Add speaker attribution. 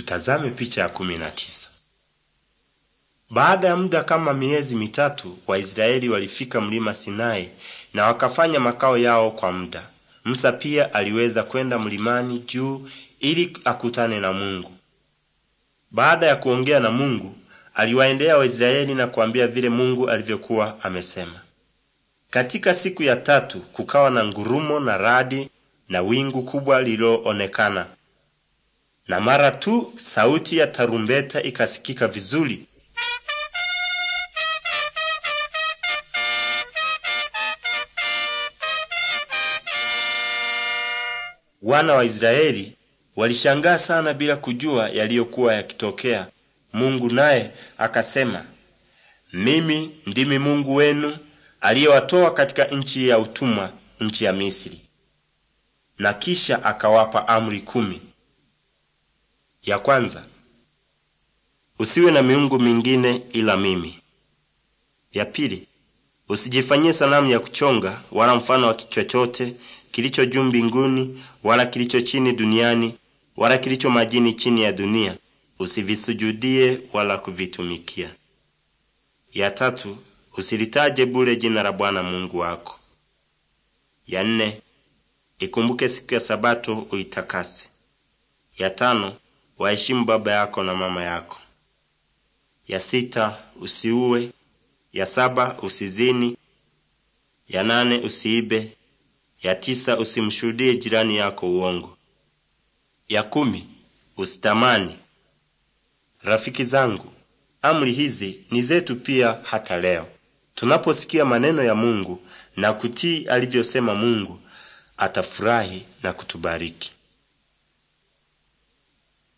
Speaker 1: Tutazame picha ya kumi na tisa. Baada ya muda kama miezi mitatu, Waisraeli walifika mlima Sinai na wakafanya makao yao kwa muda. Musa pia aliweza kwenda mlimani juu ili akutane na Mungu. Baada ya kuongea na Mungu, aliwaendea Waisraeli na kuambia vile Mungu alivyokuwa amesema. Katika siku ya tatu kukawa na ngurumo na radi na wingu kubwa lililoonekana na mara tu sauti ya tarumbeta ikasikika vizuri. Wana wa Israeli walishangaa sana bila kujua yaliyokuwa yakitokea. Mungu naye akasema, mimi ndimi Mungu wenu aliyewatoa katika nchi ya utumwa, nchi ya Misri. Na kisha akawapa amri kumi. Ya kwanza, usiwe na miungu mingine ila mimi. Ya pili, usijifanyie sanamu ya kuchonga wala mfano wa chochote kilicho juu mbinguni wala kilicho chini duniani wala kilicho majini chini ya dunia, usivisujudie wala kuvitumikia. Ya tatu, usilitaje bure jina la Bwana Mungu wako. Ya nne, ikumbuke siku ya Sabato uitakase. Ya tano, waheshimu baba yako na mama yako. Ya sita, usiue. Ya saba, usizini. Ya nane, usiibe. Ya tisa, usimshuhudie jirani yako uongo. Ya kumi, usitamani. Rafiki zangu, amri hizi ni zetu pia hata leo. Tunaposikia maneno ya Mungu na kutii alivyosema Mungu, atafurahi na kutubariki.